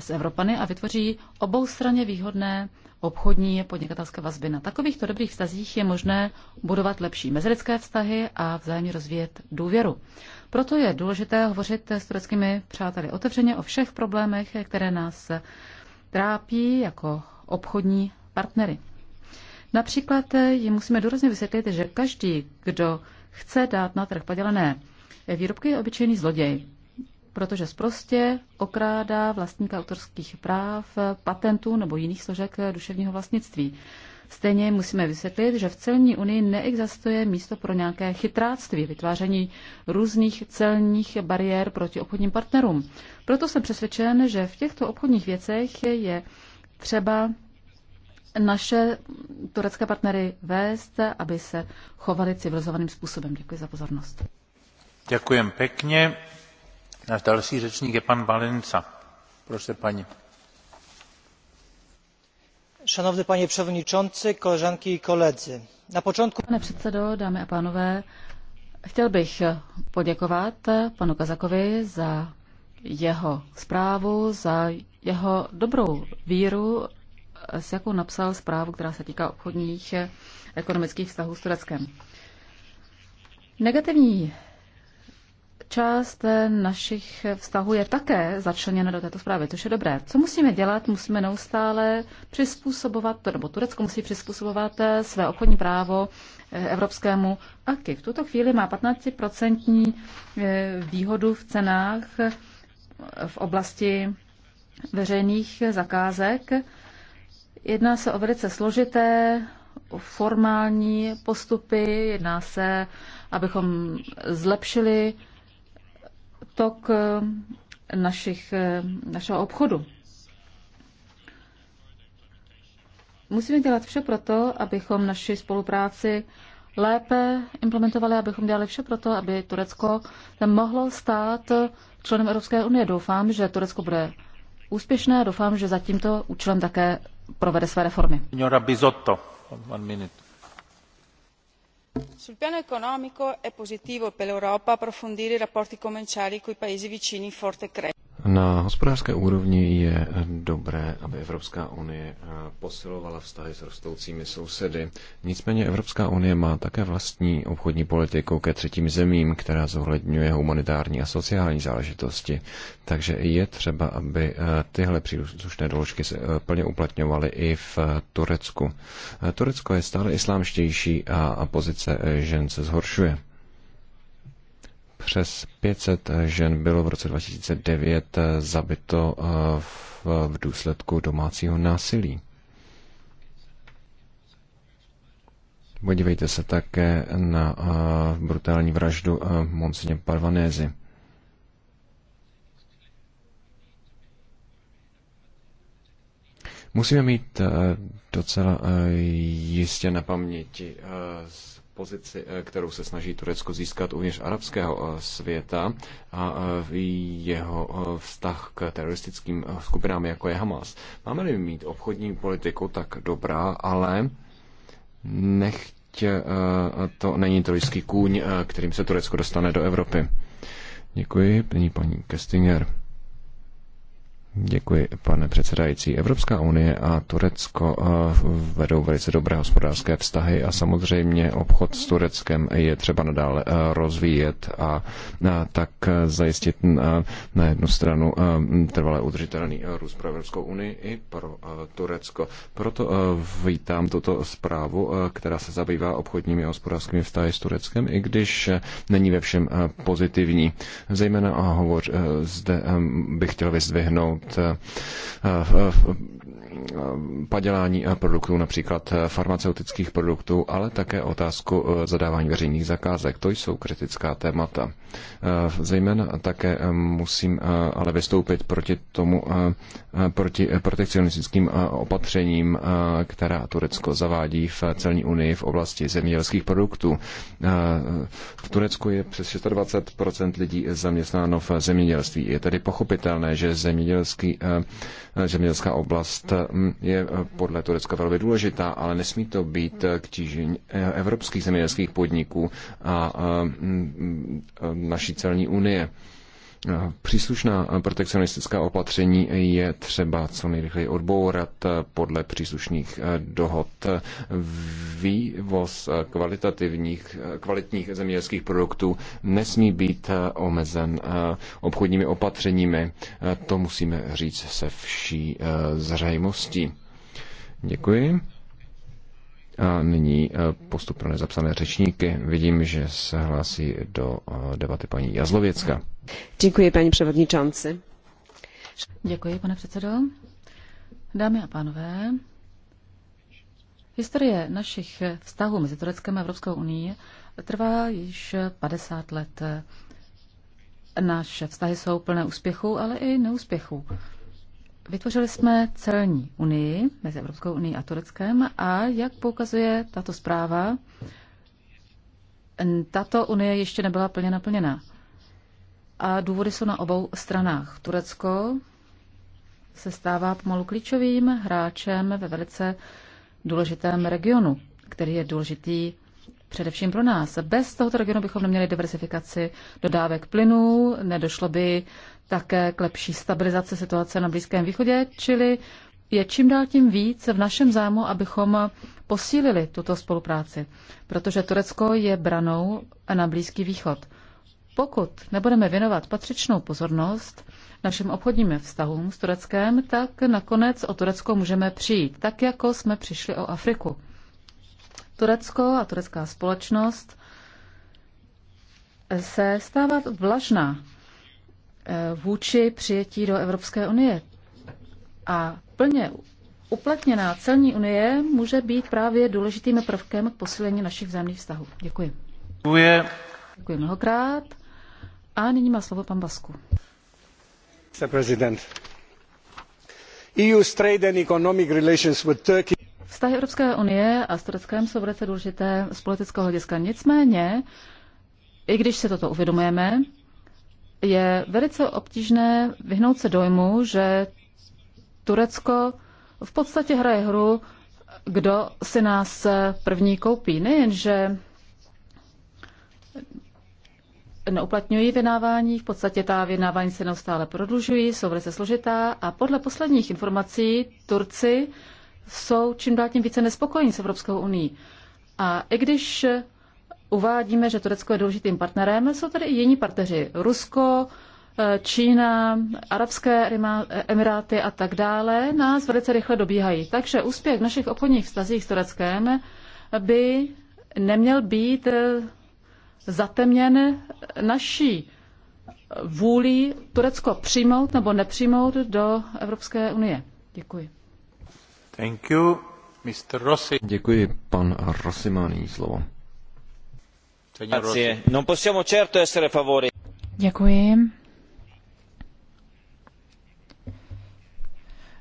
[SPEAKER 3] s Evropany a vytvoří obou straně výhodné obchodní podnikatelské vazby. Na takovýchto dobrých vztazích je možné budovat lepší mezilidské vztahy a vzájemně rozvíjet důvěru. Proto je důležité hovořit s tureckými přáteli otevřeně o všech problémech, které nás trápí jako obchodní partnery. Například jim musíme důrazně vysvětlit, že každý, kdo chce dát na trh padělené výrobky, je obyčejný zloděj protože zprostě okrádá vlastníka autorských práv, patentů nebo jiných složek duševního vlastnictví. Stejně musíme vysvětlit, že v celní unii neexistuje místo pro nějaké chytráctví, vytváření různých celních bariér proti obchodním partnerům. Proto jsem přesvědčen, že v těchto obchodních věcech je třeba naše turecké partnery vést, aby se chovali civilizovaným způsobem. Děkuji za pozornost.
[SPEAKER 1] Děkujem pěkně. Náš další řečník je pan Valenca. Proszę pani. Szanowny panie przewodniczący, koleżanki i koledzy.
[SPEAKER 3] Na początku Pane předsedo, dámy a pánové, chtěl bych poděkovat panu Kazakovi za jeho zprávu, za jeho dobrou víru, s jakou napsal zprávu, která se týká obchodních ekonomických vztahů s Tureckem. Negativní Část našich vztahů je také začleněna do této zprávy, což je dobré. Co musíme dělat? Musíme neustále přizpůsobovat, nebo Turecko musí přizpůsobovat své obchodní právo eh, evropskému aky. V tuto chvíli má 15% eh, výhodu v cenách eh, v oblasti veřejných zakázek. Jedná se o velice složité formální postupy, jedná se, abychom zlepšili tok eh, našich, eh, našeho obchodu. Musíme dělat vše proto, abychom naši spolupráci lépe implementovali, abychom dělali vše proto, aby Turecko mohlo stát členem Evropské unie. Doufám, že Turecko bude úspěšné a doufám, že za tímto účelem také provede své reformy.
[SPEAKER 1] Signora Bizotto, one minute
[SPEAKER 2] sul piano economico è positivo per l'europa approfondire i rapporti commerciali con i paesi vicini in forte crescita.
[SPEAKER 1] Na hospodářské úrovni je dobré, aby Evropská unie eh, posilovala vztahy s rostoucími sousedy. Nicméně Evropská unie má také vlastní obchodní politiku ke třetím zemím, která zohledňuje humanitární a sociální záležitosti. Takže je třeba, aby eh, tyhle příslušné doložky se eh, plně uplatňovaly i v Turecku. Turecko je stále islámštější a pozice žen se zhoršuje. Přes 500 žen bylo v roce 2009 zabito eh, v, v důsledku domácího násilí. Podívejte se také na eh, brutální vraždu eh, Monsignor Parvanézy. Musíme mít docela jistě na paměti pozici, eh, kterou se snaží Turecko získat uvnitř arabského eh, světa a eh, jeho vztah k teroristickým skupinám, jako je Hamas. Máme-li mít obchodní politiku tak dobrá, ale nechť to není turecký kůň, kterým se Turecko dostane do Evropy. Děkuji, paní paní Kestinger. Děkuji, pane předsedající. Evropská unie a Turecko eh, vedou velice dobré hospodářské vztahy a samozřejmě obchod s Tureckem je třeba nadále eh, rozvíjet a tak eh, zajistit na jednu stranu trvalé udržitelný růst pro Evropskou unii i pro Turecko. Proto vítám tuto zprávu, která se zabývá obchodními a hospodářskými vztahy s Tureckem, i když není ve všem pozitivní. Zejména hovoř, zde bych chtěl vyzdvihnout t, eh, eh, Eh, padělání eh, produktů, například eh, farmaceutických produktů, ale také otázku zadávání veřejných zakázek. To jsou kritická témata. Zejména také musím ale vystoupit proti tomu, proti protekcionistickým opatřením, která Turecko zavádí v celní unii v oblasti zemědělských produktů. V Turecku je přes 26% lidí zaměstnáno v zemědělství. Je tedy pochopitelné, že zemědělský, zemědělská oblast je eh, podle Turecka velmi důležitá, ale nesmí to být eh, k tížení eh, evropských zemědělských podniků a naší celní unie. Eh, příslušná eh, protekcionistická opatření je třeba co nejrychleji odbourat eh, podle příslušných dohod. Vývoz kvalitativních, kvalitních zemědělských produktů nesmí být omezen obchodními opatřeními. To musíme říct se vší zřejmostí. Děkuji. A nyní eh, postup pro nezapsané řečníky. Vidím, že se hlásí do eh, debaty paní Jazlověcka.
[SPEAKER 3] Děkuji, paní převodničanci. Děkuji, pane předsedo. Dámy a pánové, historie našich vztahů mezi Tureckem a Evropskou unii trvá již 50 let. Naše vztahy jsou plné úspěchů, ale i neúspěchů. Vytvořili jsme celní unii mezi Evropskou unii a Tureckem a jak poukazuje tato zpráva, tato unie ještě nebyla plně naplněna. A důvody jsou na obou stranách. Turecko se stává pomalu klíčovým hráčem ve velice důležitém regionu, který je důležitý především pro nás. Bez tohoto regionu bychom neměli diversifikaci dodávek plynů, nedošlo by také k lepší stabilizaci situace na Blízkém východě, čili je čím dál tím víc v našem zájmu, abychom posílili tuto spolupráci, protože Turecko je branou na Blízký východ. Pokud nebudeme věnovat patřičnou pozornost našim obchodním vztahům s Tureckem, tak nakonec o Turecko můžeme přijít, tak jako jsme přišli o Afriku. Turecko a turecká společnost eh, se stává vlažná eh, vůči přijetí do Evropské unie. A plně uplatněná celní unie může být právě důležitým prvkem k posílení našich vzájemných vztahů. Děkuji. Děkuji. Děkuji mnohokrát. A nyní má slovo pan Basku.
[SPEAKER 1] Mr. President, EU's trade and economic relations with Turkey
[SPEAKER 3] Vztahy Evropské unie a s Tureckem jsou velice důležité z politického hlediska. Nicméně, i když se toto uvědomujeme, je velice obtížné vyhnout se dojmu, že Turecko v podstatě hraje hru, kdo si nás první koupí. Nejenže neuplatňují vynávání, v podstatě ta vynávání se neustále prodlužují, jsou velice složitá a podle posledních informací Turci jsou čím dál tím více nespokojení s Evropskou unii. A i když uvádíme, že Turecko je důležitým partnerem, jsou tady i jiní partneři. Rusko, eh, Čína, Arabské Emiráty a tak dále nás velice rychle dobíhají. Takže úspěch v našich obchodních vztazích s Tureckem by neměl být eh, zatemněn naší vůlí Turecko přijmout nebo nepřijmout do Evropské unie.
[SPEAKER 2] Děkuji.
[SPEAKER 1] Thank you. Mr. Rossi. Děkuji, pan Rossi má nyní slovo. Grazie. Non possiamo certo essere favori.
[SPEAKER 2] Děkuji.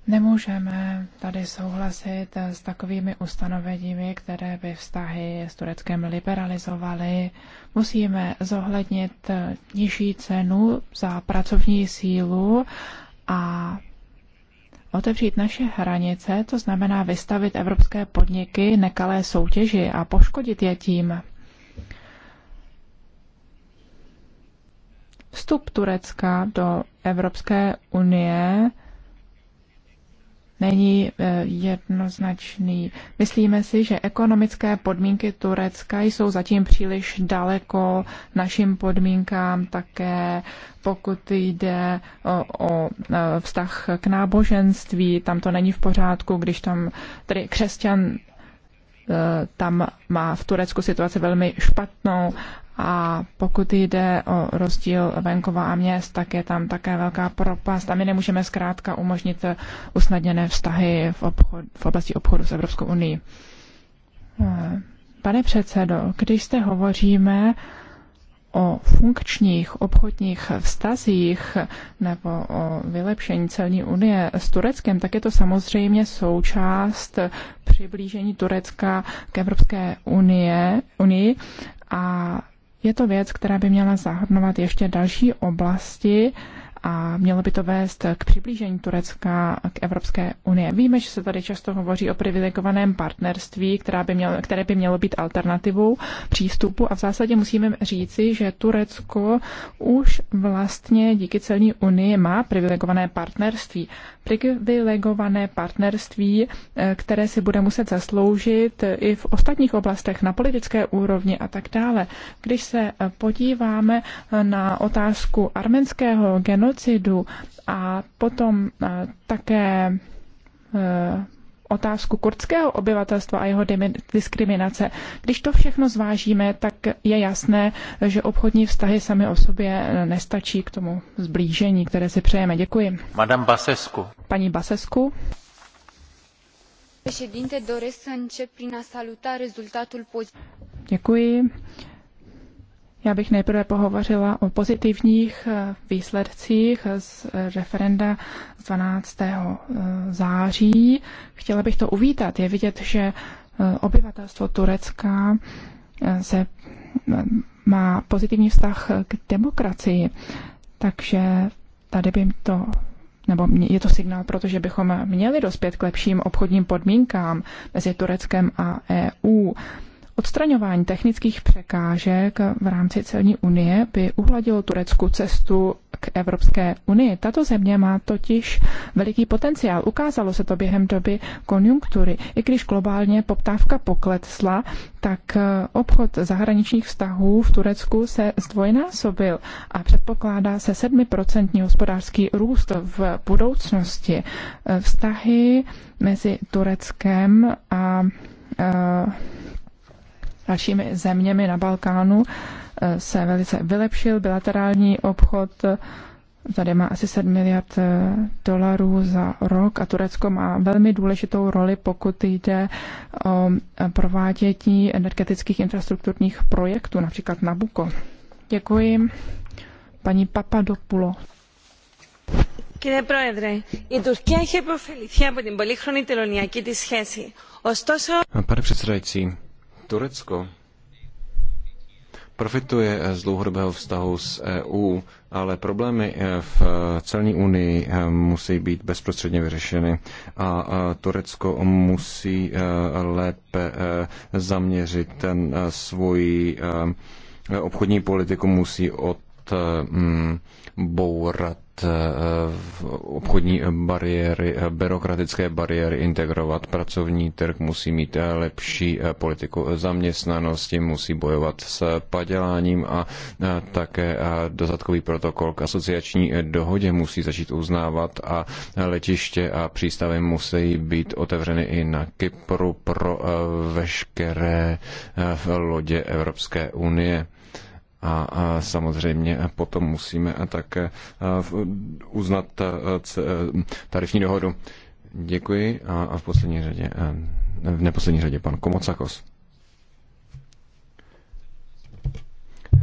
[SPEAKER 2] Nemůžeme tady souhlasit s takovými ustanoveními, které by vztahy s Tureckem liberalizovaly. Musíme zohlednit nižší cenu za pracovní sílu a Otevřít naše hranice, to znamená vystavit evropské podniky nekalé soutěži a poškodit je tím. Vstup Turecka do Evropské unie není eh, jednoznačný. Myslíme si, že ekonomické podmínky Turecka jsou zatím příliš daleko našim podmínkám také, pokud jde o, o eh, vztah k náboženství, tam to není v pořádku, když tam tedy křesťan Eh, tam má v Turecku situaci velmi špatnou a pokud jde o rozdíl venkova a měst, tak je tam také velká propast a my nemůžeme zkrátka umožnit usnadněné vztahy v, obchod, v oblasti obchodu s Evropskou unii. Eh, pane předsedo, když jste hovoříme o funkčních obchodních vztazích nebo o vylepšení celní unie s Tureckem, tak je to samozřejmě součást přiblížení Turecka k Evropské unie, unii a je to věc, která by měla zahrnovat ještě další oblasti, a mělo by to vést k přiblížení Turecka k Evropské unie. Víme, že se tady často hovoří o privilegovaném partnerství, která by mělo, které by mělo být alternativou přístupu a v zásadě musíme říci, že Turecko už vlastně díky celní unii má privilegované partnerství. Privilegované partnerství, eh, které si bude muset zasloužit i v ostatních oblastech na politické úrovni a tak dále. Když se eh, podíváme eh, na otázku arménského genocidu, genocidu a potom eh, také eh, otázku kurdského obyvatelstva a jeho diskriminace. Když to všechno zvážíme, tak je jasné, že obchodní vztahy sami o sobě nestačí k tomu zblížení, které si přejeme. Děkuji.
[SPEAKER 3] Madame Basescu.
[SPEAKER 2] Paní Basescu. Děkuji. Já bych nejprve pohovořila o pozitivních eh, výsledcích z eh, referenda 12. Eh, září. Chtěla bych to uvítat. Je vidět, že obyvatelstvo Turecka se má pozitivní vztah k demokracii, takže tady by to nebo je to signál, protože bychom měli dospět k lepším obchodním podmínkám mezi Tureckem a EU. Odstraňování technických překážek v rámci celní unie by uhladilo Turecku cestu k Evropské unii. Tato země má totiž veliký potenciál. Ukázalo se to během doby konjunktury. I když globálně poptávka poklesla, tak eh, obchod zahraničních vztahů v Turecku se zdvojnásobil a předpokládá se 7% hospodářský růst v budoucnosti. Eh, vztahy mezi Tureckem a eh, dalšími zeměmi na Balkánu eh, se velice vylepšil. Bilaterální obchod tady má asi 7 miliard eh, dolarů za rok a Turecko má velmi důležitou roli, pokud jde o eh, provádění energetických infrastrukturních projektů, například Nabuko. Děkuji. Paní Papadopulo. Κύριε Πρόεδρε, η Τουρκία έχει υποφεληθεί από
[SPEAKER 1] την πολύχρονη τελωνιακή της σχέση. Ωστόσο... Pane předsedající, Turecko profituje eh, z dlouhodobého vztahu s EU, ale problémy eh, v eh, celní unii musí být bezprostředně vyřešeny a Turecko musí lépe zaměřit ten svůj obchodní politiku, musí od mm, bourat eh, obchodní bariéry, eh, byrokratické bariéry, integrovat pracovní trh, musí mít eh, lepší politiku zaměstnanosti, musí bojovat s paděláním a také dodatkový protokol k asociační dohodě musí začít uznávat a letiště a přístavy musí být otevřeny i na Kypru pro veškeré lodě Evropské unie a, a samozřejmě potom musíme také uznat e, tarifní dohodu. Děkuji a, a v poslední řadě, v neposlední řadě pan Komocakos.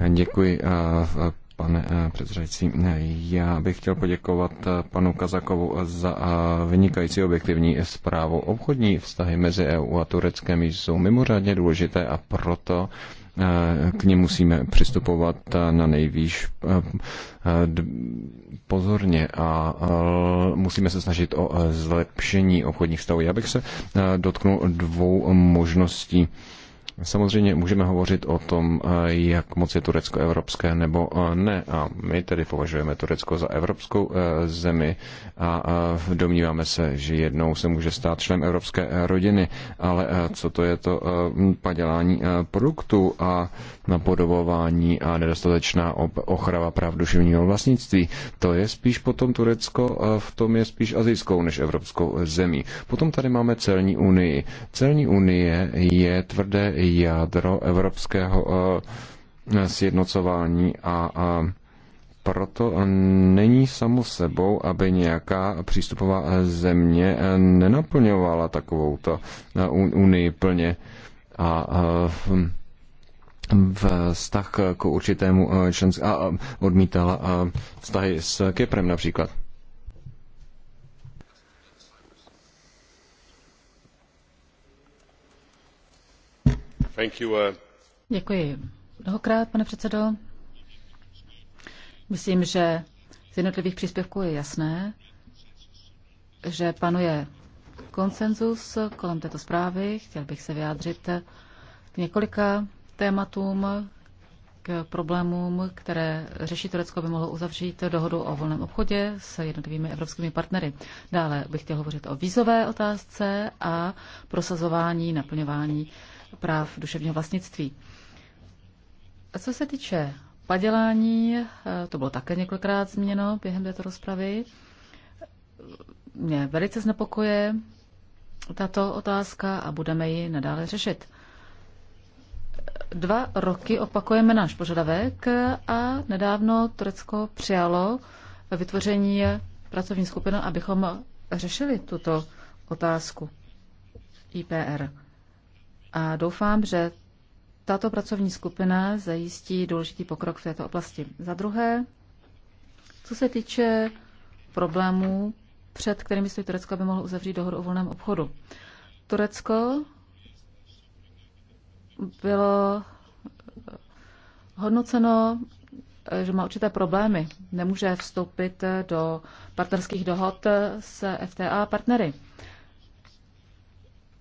[SPEAKER 1] Děkuji, pane předředající. Já bych chtěl poděkovat panu Kazakovu za vynikající objektivní zprávu. Obchodní vztahy mezi EU a Tureckem jsou mimořádně důležité a proto k ním musíme přistupovat na nejvýš eh, eh, pozorně a eh, musíme se snažit o zlepšení obchodních stavů. Já bych se dotknul dvou možností Samozřejmě můžeme hovořit o tom, eh, jak moc je Turecko evropské nebo eh, ne. A my tedy považujeme Turecko za evropskou eh, zemi a domníváme se, že jednou se může stát člen evropské rodiny. Ale co to je to padělání produktů a napodobování a nedostatečná ochrava práv duševního vlastnictví? To je spíš potom Turecko, v tom je spíš azijskou než evropskou zemí. Potom tady máme celní unii. Celní unie je tvrdé jádro evropského eh, sjednocování a, proto není samo sebou, aby nějaká přístupová eh, země eh, nenaplňovala takovouto unii plně. A vztah k určitému členskému a odmítala vztahy s Kyprem například.
[SPEAKER 2] Uh,
[SPEAKER 3] Děkuji mnohokrát, pane předsedo. Myslím, že z jednotlivých příspěvků je jasné, že panuje konsenzus kolem této zprávy. Chtěl bych se vyjádřit k několika tématům, k problémům, které řeší Turecko, by mohlo uzavřít dohodu o volném obchodě s jednotlivými evropskými partnery. Dále bych chtěl hovořit o vízové otázce a prosazování, naplňování práv duševního vlastnictví. A co se týče padělání, eh, to bylo také několikrát změno během této rozpravy. Mě velice znepokoje tato otázka a budeme ji nadále řešit. Dva roky opakujeme náš požadavek a nedávno Turecko přijalo vytvoření pracovní skupiny, abychom řešili tuto otázku IPR a doufám, že tato pracovní skupina zajistí důležitý pokrok v této oblasti. Za druhé, co se týče problémů, před kterými stojí Turecko, aby mohlo uzavřít dohodu o volném obchodu. Turecko bylo eh, hodnoceno, eh, že má určité problémy. Nemůže vstoupit do partnerských dohod s FTA partnery.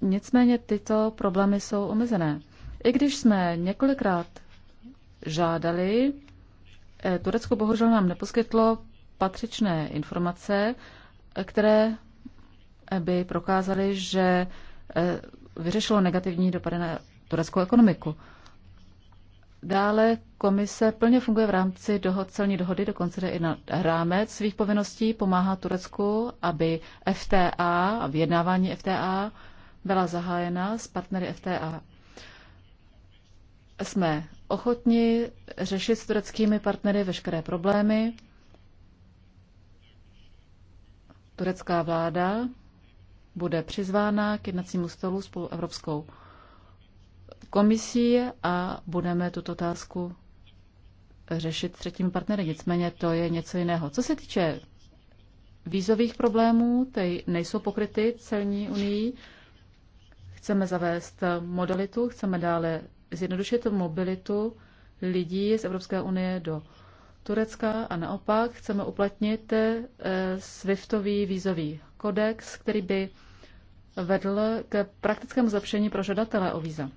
[SPEAKER 3] Nicméně tyto problémy jsou omezené. I když jsme několikrát žádali, eh, Turecko bohužel nám neposkytlo patřičné informace, které eh, by prokázaly, že eh, vyřešilo negativní dopady na tureckou ekonomiku. Dále komise plně funguje v rámci dohod, celní dohody, dokonce jde i na rámec svých povinností, pomáhá Turecku, aby FTA a vyjednávání FTA byla zahájena s partnery FTA. Jsme ochotni řešit s tureckými partnery veškeré problémy. Turecká vláda bude přizvána k jednacímu stolu spolu Evropskou komisí a budeme tuto otázku řešit třetími partnery. Nicméně to je něco jiného. Co se týče vízových problémů, ty nejsou pokryty celní unii. Chceme zavést modalitu, chceme dále zjednodušit mobilitu lidí z Evropské unie do Turecka a naopak chceme uplatnit eh, SWIFTový vízový kodex, který by vedl k praktickému zlepšení pro žadatele o víza.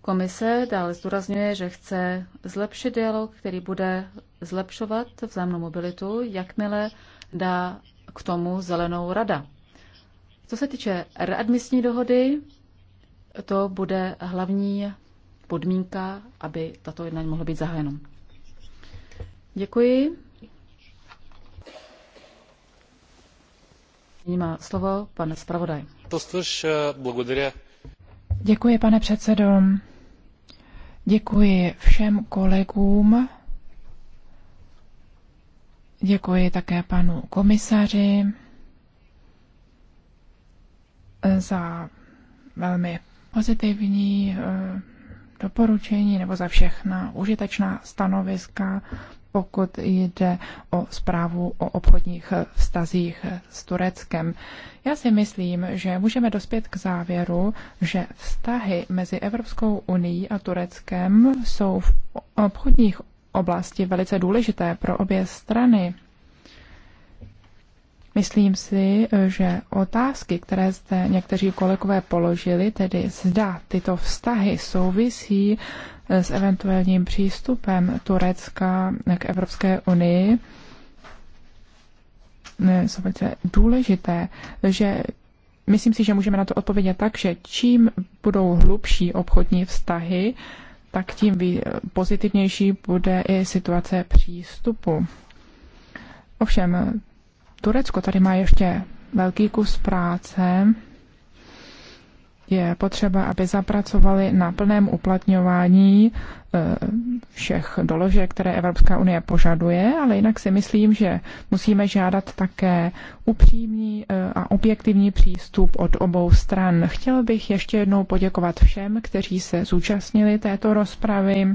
[SPEAKER 3] Komise dále zdůrazňuje, že chce zlepšit dialog, který bude zlepšovat vzájemnou mobilitu, jakmile dá k tomu zelenou rada. Co se týče readmisní dohody, to bude hlavní podmínka, aby tato jednání mohla být zahájena. Děkuji.
[SPEAKER 2] Nyní má slovo pan zpravodaj. Děkuji, pane předsedo. Děkuji všem kolegům. Děkuji také panu komisaři za velmi pozitivní eh, doporučení nebo za všechna užitečná stanoviska, pokud jde o zprávu o obchodních vztazích s Tureckem. Já si myslím, že můžeme dospět k závěru, že vztahy mezi Evropskou unii a Tureckem jsou v obchodních oblasti velice důležité pro obě strany. Myslím si, že otázky, které zde někteří kolegové položili, tedy zda tyto vztahy souvisí eh, s eventuálním přístupem Turecka k Evropské unii, eh, jsou velice důležité, že myslím si, že můžeme na to odpovědět tak, že čím budou hlubší obchodní vztahy, tak tím pozitivnější bude i situace přístupu. Ovšem, Turecko tady má ještě velký kus práce. Je potřeba, aby zapracovali na plném uplatňování eh, všech doložek, které Evropská unie požaduje, ale jinak si myslím, že musíme žádat také upřímný eh, a objektivní přístup od obou stran. Chtěl bych ještě jednou poděkovat všem, kteří se zúčastnili této rozpravy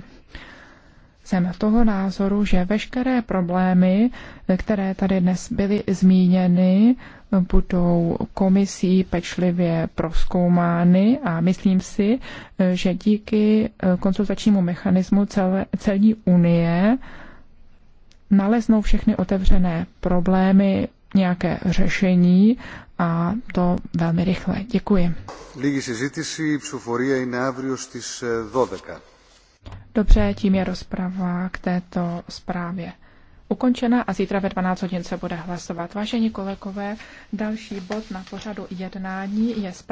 [SPEAKER 2] jsem toho názoru, že veškeré problémy, které tady dnes byly zmíněny, budou komisí pečlivě proskoumány a myslím si, že díky eh, konsultačnímu mechanismu celé, celní unie naleznou všechny otevřené problémy nějaké řešení a to velmi rychle. Děkuji.
[SPEAKER 1] Λίγη συζήτηση, η ψηφοφορία είναι αύριο στις 12. Eh,
[SPEAKER 2] Dobře, tím je rozprava k této zprávě ukončena a zítra ve 12 hodin se bude hlasovat. Vážení kolegové, další bod na pořadu jednání je